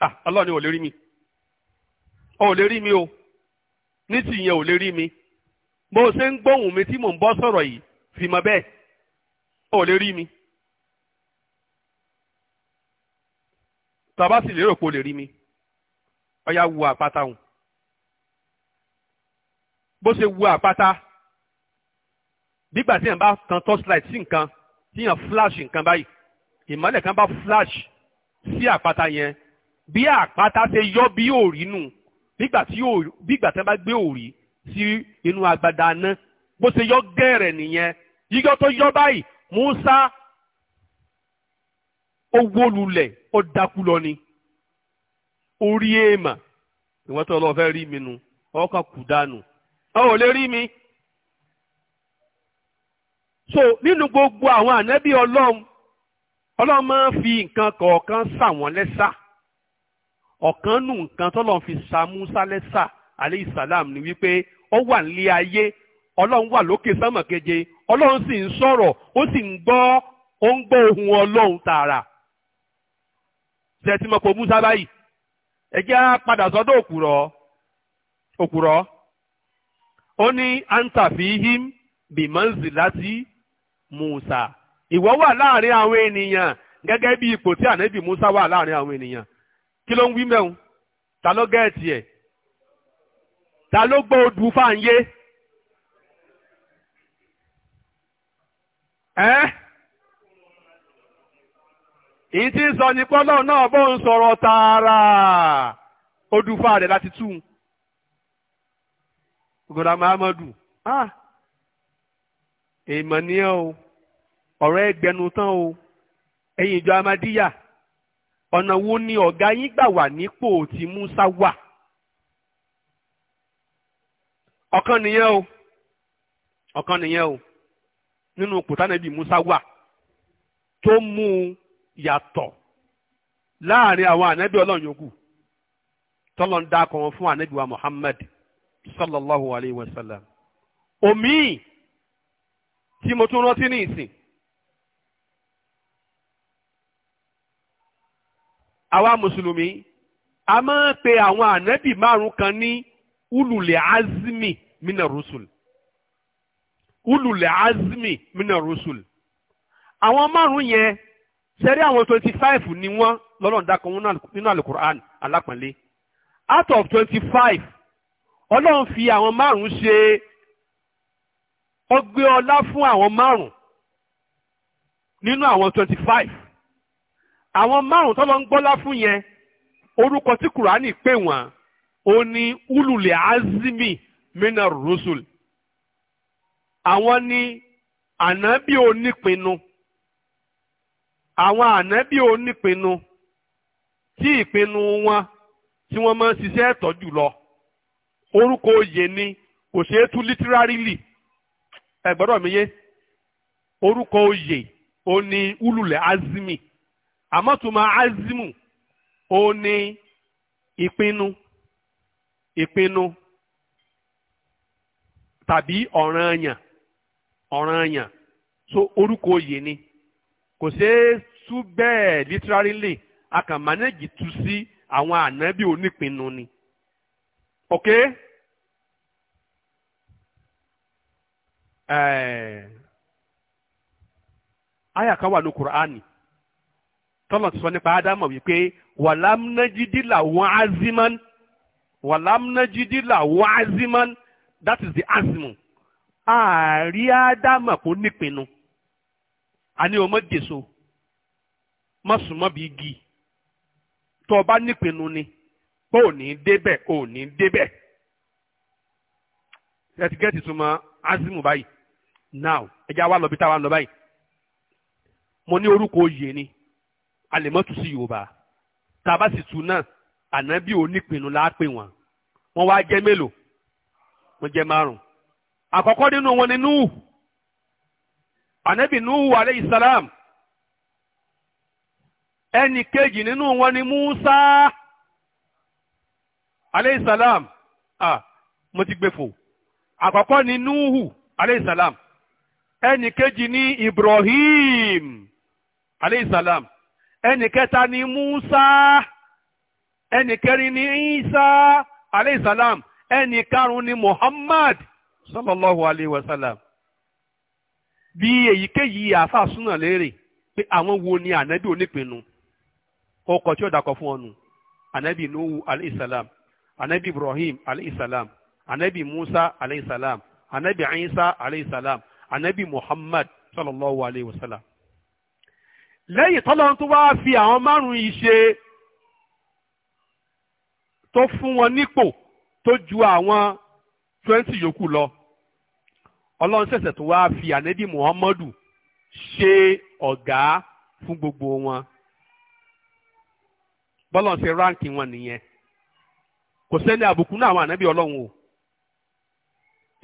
ah ọlọ́run ni ò lè rí mi ò lè rí mi o ní ti yẹn ò lè rí mi bó o ṣe ń gbóhùn mi tí mò ń bọ́ sọ̀rọ̀ yìí fi mọ bẹ́ẹ̀ ò lè rí mi tàbá sì lérò pé o lè rí mi ọ̀ya wu àpáta hùn bó ṣe wu àpáta nígbà tí yẹn bá tan torchlight sí nǹkan tí yẹn flash nǹkan báyìí ìmọ́lẹ̀ kan bá flash sí àpáta yẹn bí àpáta ṣe yọ bí òòrí nù nígbà tí bígbà tí wọ́n bá gbé òòrí sí inú agbada náà bó ṣe yọ gẹ́rẹ̀ nìyẹn yíyọ tó yọ báyìí Musa ó wó lulẹ̀ ó dákú lọ ni orí èèmà ìwọ́n tó lọ́ọ́ fẹ́ rí mi nu ọkọ̀ kù dànù ọ ò lè rí mi. so nínú gbogbo àwọn ànábì ọlọ́run ọlọ́run máa ń fi nǹkan kọ̀ọ̀kan sà wọ́n lẹ́sà. ọ̀kan nù nǹkan tọ́lọ́run fi sa Musa lẹ́sà aleyhi salam ni wípé ó wà nílé ayé ọlọ́run wà lókè sámà ọlọ́run sì ń sọ̀rọ̀ ó sì ń gbọ́ ó ń gbọ́ ohun ọlọ́run tààrà ṣètìmọ̀pọ̀ Musa báyìí ẹ jẹ́ á padà sọ́dọ̀ òkùrọ̀ òkùrọ̀ ó ní antafihim bimanzilati Musa ìwọ wà láàrin àwọn ènìyàn gẹ́gẹ́ bí ipò tí ànábì Musa wà láàrin àwọn ènìyàn kí ló ń wí mẹ́un ta ló gẹ́ẹ̀tì ẹ̀ ta ló gbọ́ odù fáàyè ẹ́ èyí tí ń sọ ní pọ́lọ́ náà bó ń sọ̀rọ̀ tààrà odù fáà láti tú un mahamadu ah èèmọ̀ ni ẹ o ọ̀rọ̀ ẹgbẹ̀nu tán o ẹ̀yìn ìjọ amadíyà. ọ̀nà wo ni ọ̀gá yín gbà wà nípò tí Musa wà ọ̀kan nìyẹn o ọ̀kan nìyẹn o nínú kòtánẹ́bì Musa wà tó mú un yàtọ̀ láàrin àwọn ànábì ọlọ́run yòókù tọ́lọ́ ń dá kan fún ànábì wa Muhammad sallallahu alayhi wa sallam omi tí mo tún rántí ní ìsìn àwa mùsùlùmí a máa ń pe àwọn ànábì márùn kan ní ululẹ̀ azmi mina rusul ulule azmi mina rusul àwọn márùn yẹn sẹ́rí àwọn twenty five ni wọ́n lọ́lọ́run dákọ̀ wọn nínú alukur'an alápọ̀nlé out of twenty five ọlọ́run fi àwọn márùn ṣe ọgbẹ́ ọlá fún àwọn márùn nínú àwọn twenty five àwọn márùn tó lọ ń gbọ́lá fún yẹn orúkọ tí kùránì pè wọ́n ó ní ululẹ̀ azimi mina rusul àwọn ní ànábì onípinnu àwọn ànábì onípinnu tí ìpinnu wọn tí wọ́n máa ń ṣiṣẹ́ ẹ̀tọ́ jùlọ orúkọ oyè ni kò ṣeé tú literally ẹ gbọ́dọ̀ mi yé orúkọ oyè ó ní ululẹ̀ azimi. àmọ́túmọ̀ azimu ó ní ìpinnu ìpinnu tàbí ọ̀ràn ọ̀ràn ọ̀ranyàn so orúkọ oyè ni kò ṣeé tú bẹ́ẹ̀ literally a kàn manage tú sí àwọn ànábì onípinnu ni ok ẹ̀ aya kan wà ní Kùránì. tọ́lọ̀ ti sọ nípa ádámù wípé wàlámnájídìlà wọn aziman wàlámnájídìlà wọn aziman that is the azimu ààrí ádámù kò nípinnu àní ọmọ jèso mọ̀sùmọ́ bíi igi tó o bá nípinnu ni pé ò ní débẹ̀ ò ní débẹ̀ ẹ ti gẹ́tì tó mọ azimu báyìí now ẹ jẹ́ àwa lọ bí táwa lọ báyìí mo ní orúkọ oyè ni a lè mọ́ tu sí yorùbá tá a sì tu náà ànábì onípinnu la pè wọ́n wọ́n wá jẹ́ mélòó wọ́n jẹ́ márùn-ún àkọ́kọ́ nínú wọn ni nuhu ànábì nuhu aleyhi salam ẹnì kejì nínú wọn ni musa aleyhi salam ah mo ti gbé àkọ́kọ́ ni nuhu aleyhi salam ẹnì kejì ni ibrahim aleyhi salam ẹnì kẹta ni Musa ẹnì kẹrin ni Isa aleyhisalam ẹnì karùn-ún ni Muhammad sallallahu alayhi wa sallam bí èyíkéyìí àáfàá súnà léèrè pé àwọn wo ni ànábì onípinnu ọkọ̀ tí ó dàkọ̀ fún ọnu ànábì Nuhu aleyhisalam ànábì Ibrahim aleyhisalam ànábì Musa aleyhisalam ànábì Isa aleyhisalam ànábì Muhammad sallallahu alayhi wa sallam lẹ́yìn tọ́lọ́run tó wá fi àwọn márùn-ún yìí ṣe tó fún wọn nípò tó ju àwọn twenty yòókù lọ ọlọ́run ṣẹ̀ṣẹ̀ tó wá fi ànẹ́bí muhammadu ṣe ọ̀gá fún gbogbo wọn bọ́lọ̀ ṣe ráǹkì wọn nìyẹn kò sẹ́ni àbùkù náà àwọn ànẹ́bí ọlọ́run o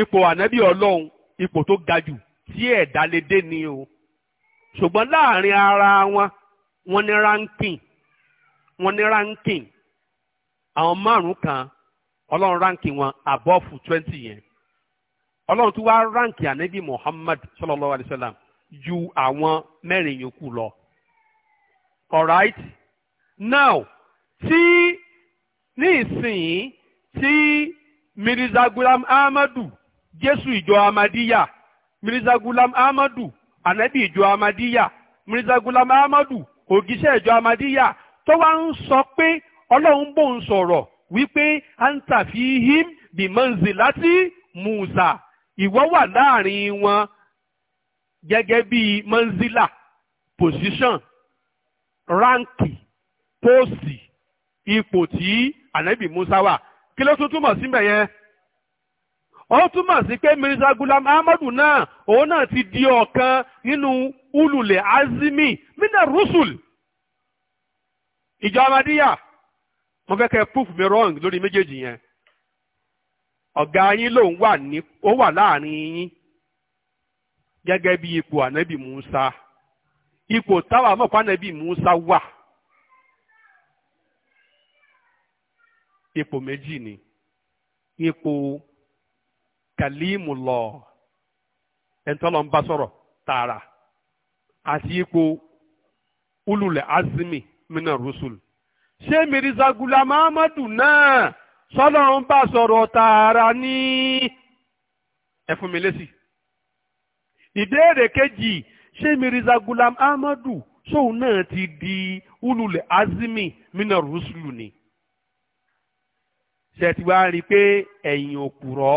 ipò ànẹ́bí ọlọ́run ipò tó ga jù tí ẹ̀dá ni o ṣùgbọ́n láàrin ara wọn wọ́n ní ranking wọ́n ní ranking àwọn márùn kan ọlọ́run ranking wọn above twenty yẹn ọlọ́run tún wá ránkì ànábì muhammad sallallahu alayhi wa sallam ju àwọn mẹ́rin yòókù lọ alright now tí ní ìsìn tí mirizagulam gulam ahmadu jésù ìjọ amadiya mirza gulam ahmadu ànábì ìjọ amadíyà mirza gulam ahmadu ògìṣẹ́ ìjọ amadíyà tó wá ń sọ pé ọlọ́run bò ń sọ̀rọ̀ wípé anta fihim bi manzilati musa ìwọ wà láàrin wọn gẹ́gẹ́ bí manzila position ránkì póòsì ipò tí ànábì musa wà kí ló tún túmọ̀ síbẹ̀ yẹn ó túmọ̀ sí pé Mirza Gulam Ahmadu náà òun náà ti di ọ̀kan nínú ululẹ̀ azimi mina rusul ìjọ amadíyà mo fẹ́ kẹ́ proof mi wrong lórí méjèèjì yẹn ọ̀gá yín lòun wà ní ó wà láàrin yín gẹ́gẹ́ bí ipò ànábì Musa ipò táwa mọ̀ pànábì Musa wà ipò méjì ni ipò kàlíìmù lọ ẹ̀ńtọ́lọ́ ń bá sọ̀rọ̀ tààrà àti ipò ululẹ̀ azimi mina rusul ṣé mirisa gula mahamadu náà sọ́lọ́ ń bá sọ̀rọ̀ tààrà ní ẹ fún mi lésì ìbéèrè kejì ṣé mirisa gula mahamadu sóun náà ti di ululẹ̀ azimi mina rusul ni ṣe pé ẹ̀yìn òkúrọ́.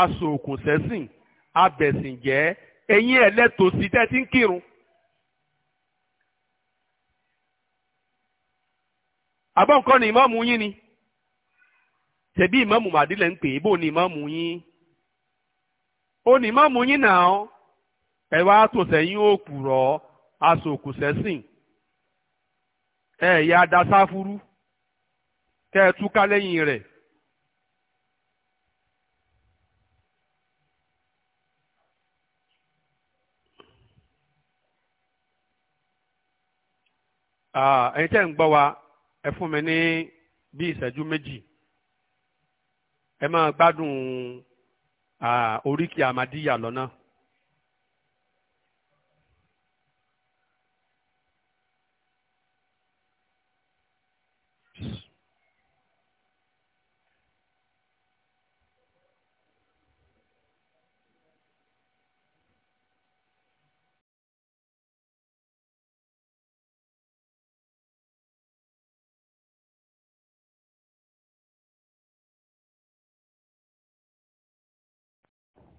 asòkòsẹ́sìn abẹ̀sìnjẹ́ ẹ̀yin ẹlẹ́tòsí tẹ́tí ń kírun. àbọ̀nkọ́ ni ìmáàmù yín ni tẹ̀bí ìmáàmù màdílẹ̀ ń pè é ni ìmáàmù yín ó ní ìmáàmù yín náà ẹ wá tò sẹ́yìn òkùrọ̀ asòkòsẹ́sìn ẹ yá dasáfúrú kẹ́ ẹ túká lẹ́yìn rẹ̀. ẹ̀yin tẹ́ ń gbọ́ wa ẹ fún mi ní bí ìṣẹ́jú méjì ẹ máa gbádùn oríkì àmàdíyà lọ́nà.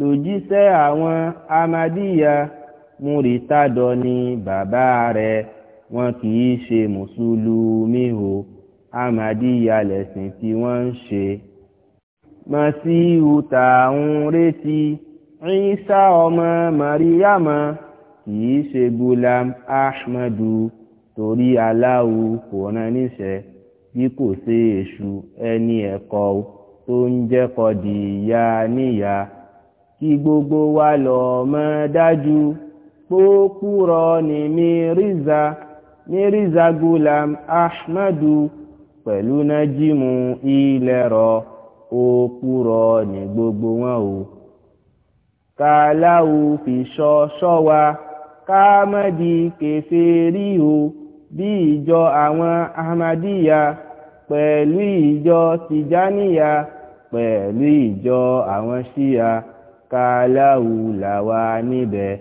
lòjíṣẹ́ àwọn amadíyà múritádọ ni bàbá rẹ̀ wọn kì í ṣe mùsùlùmí o amadíyà lẹ̀sìn tí wọ́n ń ṣe. masihu tá à ń retí Ìsá ọmọ mariama kì í ṣe gulam ahmadu torí aláwo kò rán níṣẹ́ bí kò ṣe èṣù ẹni ẹ̀kọ́ tó ń jẹ́kọ̀ọ́ di ìyá níyà kí gbogbo wa lọ mọ̀ dájú pókúrọ ní mírízà mírízà gulam ahmadu pẹ̀lú nájímù ilẹ̀rọ òkúrọ ní gbogbo wọn o kàláwù fi ṣọ́ ṣọ́ wa ká má di kèfèrí o bí ìjọ àwọn ahmadiyya pẹ̀lú ìjọ tijaniya pẹ̀lú ìjọ àwọn ṣíya kàláwù làwà níbẹ̀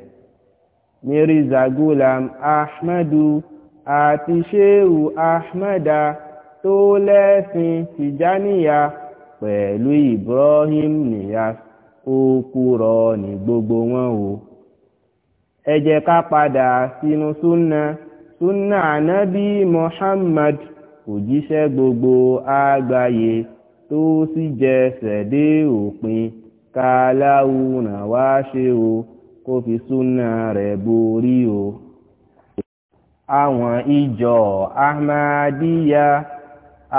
mirza gulam ahmadu àti sheu ahmada tó lẹ́sìn tìjáníyà pẹ̀lú ibrahim niyas ó kúrọ ní gbogbo wọn o ẹ jẹ́ ká padà sínú súnà súnà ànábì muhammad òjíṣẹ́ gbogbo àgbáyé tó sì jẹsẹ̀ dé òpin kàláwù nà wá ṣe o kó fi súnà rẹ̀ borí o. àwọn ìjọ ahmadiyya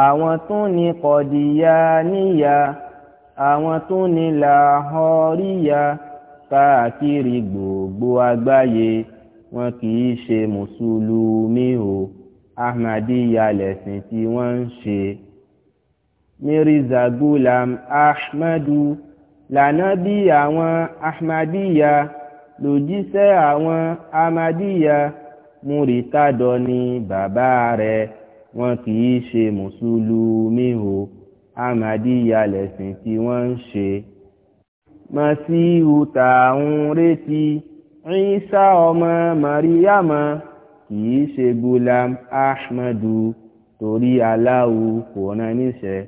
àwọn tún ní kọdíyàníyà àwọn tún ní làhọríyà káàkiri gbogbo àgbáyé wọn kì í ṣe mùsùlùmí o ahmadiyya lẹ̀sìn tí wọ́n ń ṣe. mirza gulam ahmadu lànà bí àwọn Ahmadiya, lòjíṣẹ́ àwọn Ahmadiya, múritádọ ni bàbá rẹ̀ wọn kì í ṣe mùsùlùmí o ahmadiyya lẹ̀sìn tí wọ́n ń ṣe. masihu tààrùn retí Ìsá ọmọ mariama kì í ṣe gulam ahmadu torí Allahu kò rán níṣẹ́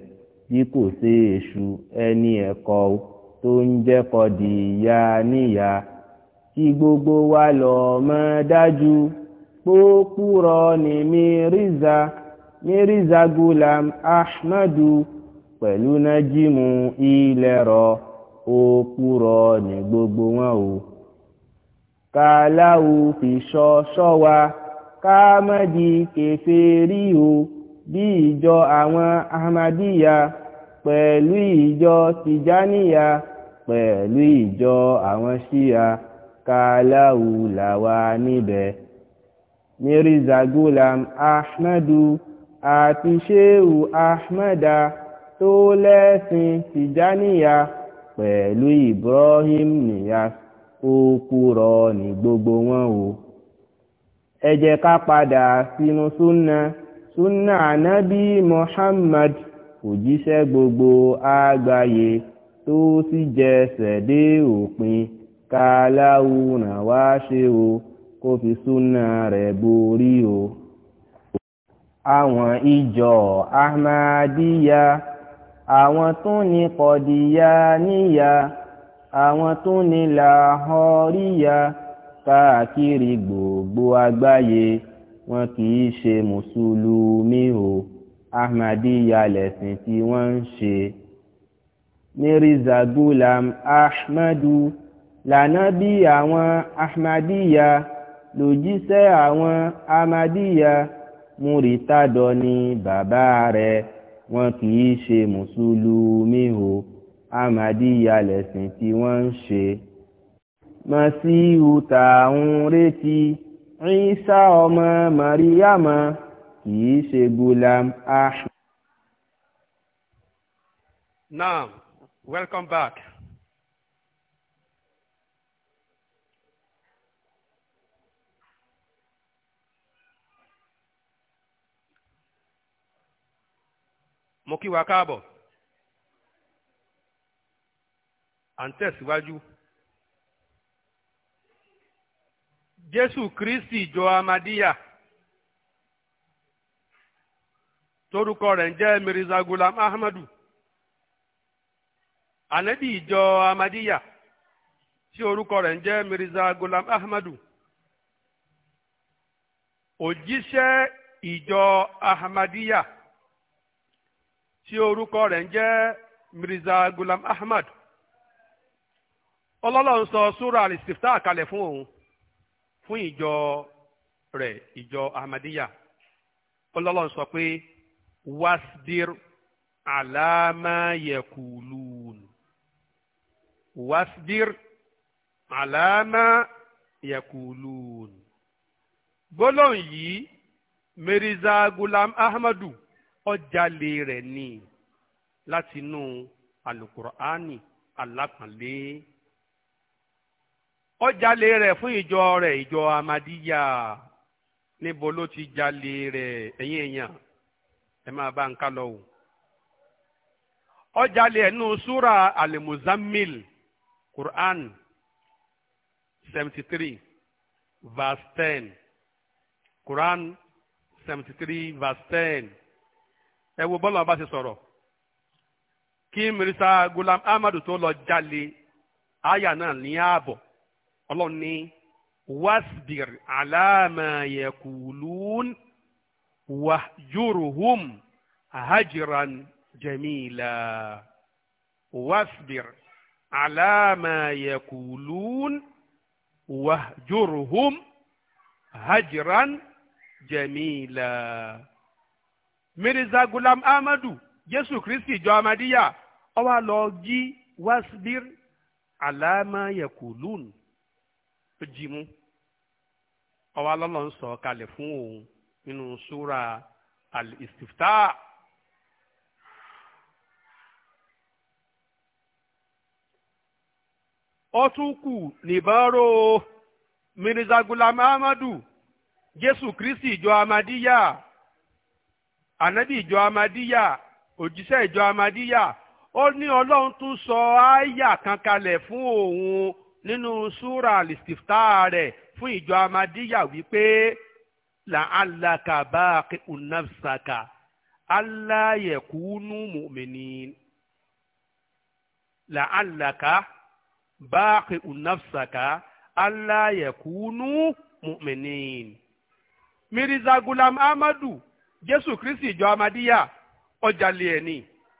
bí kò ṣe èṣù ẹni ẹ̀kọ́ o. tó ń jẹ́ n'iya níyà kí gbogbo wa lọ mọ̀ dájú pópúrọ ni mírízà mírízà gulam ahmadu pẹ̀lú nájímù ilẹ̀rọ kúrọ ni gbogbo wọn o kàláwù fi ṣọ wa káàmọ́dì kèfèrí o bí ìjọ àwọn ahmadiyya pẹ̀lú ìjọ tìjáníyà. pẹ̀lú ìjọ àwọn ṣíya kàláwù làwa níbẹ̀ mirza gulam Ahmedu àti sheu ahmada tó lẹ́sìn tìjáníyà pẹ̀lú ibrahim niyas ó kúrọ ní gbogbo wọn o ẹ ká padà sínú súnà súnà ànábì muhammad òjíṣẹ́ gbogbo àgbáyé tó sì jẹsẹ̀ dé òpin káláwù náà wá ṣe o kó fi súnà rẹ̀ borí o. àwọn ìjọ ahmadiyya àwọn tún ní kọdíyà níyà àwọn tún ní làhọríyà káàkiri gbogbo àgbáyé wọn kì í ṣe mùsùlùmí o ahmadiyya lẹ̀sìn tí wọ́n ń ṣe mirza gulam ahmadu lànábì àwọn ahmadiyya lòjíṣẹ́ àwọn ahmadiyya múritádọ ni bàbá rẹ̀ wọn kì í ṣe mùsùlùmí o ahmadiyya lẹ̀sìn tí wọ́n ń ṣe. masihu tààrùn retí Ìsá ọmọ mariama kì í ṣe gulam ahmad. naam. Welcome back. Mo kí wa káàbọ̀. À ń tẹ̀síwájú. Jésù Kristi ìjọ Amadíyà. Torúkọ rẹ̀ ń jẹ́ Mirza Ahmadu. ànábì ijọ amadiya tí orúkọ rẹ̀ ń jẹ́ mirza gulam ahmadu òjíṣẹ́ ìjọ ahmadiya tí orúkọ rẹ̀ ń jẹ́ mirza gulam ahmad ọlọ́lọ́run sọ súra al-istiftah fún òun fún ìjọ rẹ̀ ìjọ ahmadiya ọlọ́lọ́run sọ pé wasbir alama wasbir alama yakulun gbólóhùn yìí mirza gulam ahmadu ọjàlè rẹ ni látinú alukur'ani alápàlẹ ọjàlè rẹ fún ìjọ rẹ ìjọ amadiya níbo ló ti jalè rẹ̀ ẹ̀yin èèyàn ẹ máa bá ń ọjàlè ẹnu súra Quran seventy three verse ten Quran seventy three verse ten ẹ wo bọ́lá ọba ṣe sọ̀rọ̀ kí mirisa gulam amadu tó lọ jalè aya náà ní ààbọ̀ ọlọ́run ní wasbir alama yakulun hajiran jamila wasbir ala ma yakulun wahjurhum hajran jamila. mirza gulam amadu jésù kristi ìjọ amadiya ó wá lọ jí wasbir ala ma yakulun tó jí mú fún òun nínú súra al-istiftah. ó tún kù nìbárò mirza gulam ahmadu jésù kristi ìjọ amadíyà ànábì ìjọ amadíyà òjíṣẹ́ ìjọ amadíyà ó ní ọlọ́run tún sọ áyà kan kalẹ̀ fún òun nínú súra listifta rẹ̀ fún ìjọ amadíyà wípé la'allaka baqi'un nafsaka alla yakunu mu'minin la'allaka báàkì unafsaka aláyẹ̀kúnú mùmìnín. mirza gulam amadu jésù kristi ìjọ amadíyà ọjàlè ẹni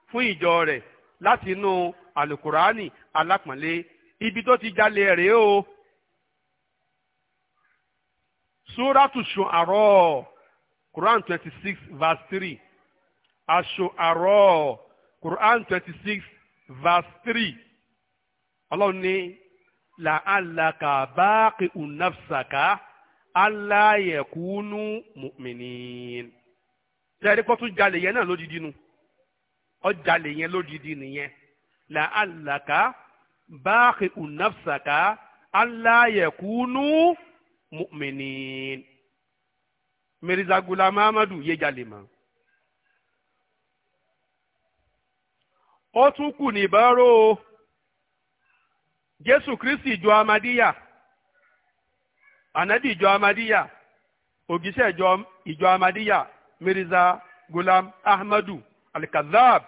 fún ìjọ rẹ̀ láti inú alukurani alápọ̀nlé ibi tó ti jalè rèé o. Suratu Shu'ara, Quran 26 verse 3. Ash-Shu'ara, Quran 26 verse 3 ọlọ́run ní la alaka báàkì unafsaka aláyẹ̀kúnú mùmìnín. sẹ́ẹ̀rí kó tún jalè yẹn náà lódìdí nu ó jalè yẹn lódìdí nìyẹn la alaka báàkì unafsaka aláyẹ̀kúnú mùmìnín. Mirza Gulam Amadu yé jalè mọ́. ó tún kù ní ìbárò jésù kristi ìjọ amadíyà ànábì ìjọ amadíyà ògìṣẹ́ ìjọ amadíyà mirza gulam ahmadu alikazab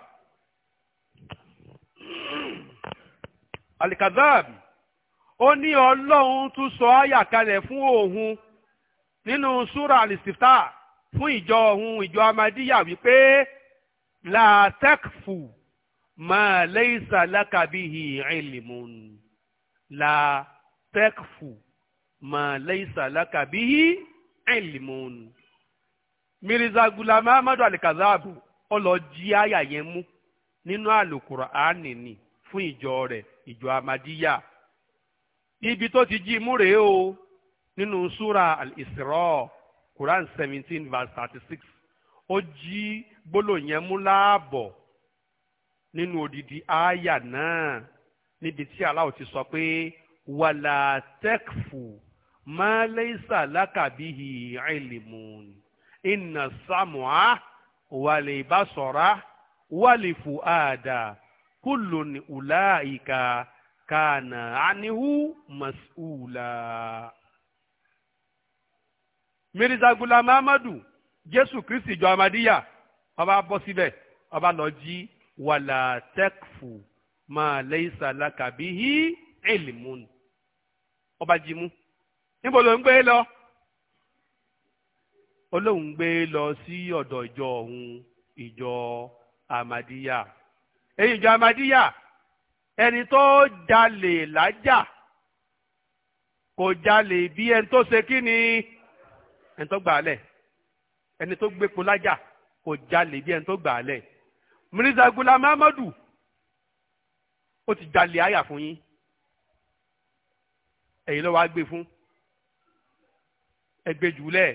alikazab ó ní ọlọ́run tún sọ àyà kalẹ̀ fún òun nínú súra alistifta fún ìjọ òun ìjọ amadíyà wípé la takfu ma laysa laka bihi la tekfu ma leisa laka bihi ilmun mirza gulam ahmadu alikazabu ó lọ àyà yẹn mú nínú àlùkùránì ni fún ìjọ rẹ̀ ìjọ amadiya ibi tó ti jí mú rèé o nínú súra al-isra quran seventeen verse thirty six ó jí gbólóyẹn mú láàbọ̀ nínú odidi àyà náà níbi tí Allah ti sọ pé wàlà tẹ́kfù ma laysa laka bihi ilmun inna sam'a wal basara wal fuada kullun ulaika kana anihu mas'ula. Mirza Gulam Ahmadu Jésù Kristi ìjọ Amadíyà ọba bọ́ síbẹ̀ ọba lọ jí wàlà tẹ́kfù. Ma laysa laka bihi ilmun ọba jimú níbo ló ń gbé lọ olóhùn gbé lọ sí ọ̀dọ̀ ìjọ ọ̀hún ìjọ amadiya èyí ìjọ amadiya ẹni tó jalè lájà kò jalè bí ẹni tó ṣe kí ni ẹni tó gbà á lẹ̀ ẹni tó gbépo lájà kò jalè bí ẹni tó gbà á lẹ̀ Mirza Gulam Amadu ó ti jalè àyà fún yín ẹ̀yin ló wá fún ẹgbẹ́ jùlẹ̀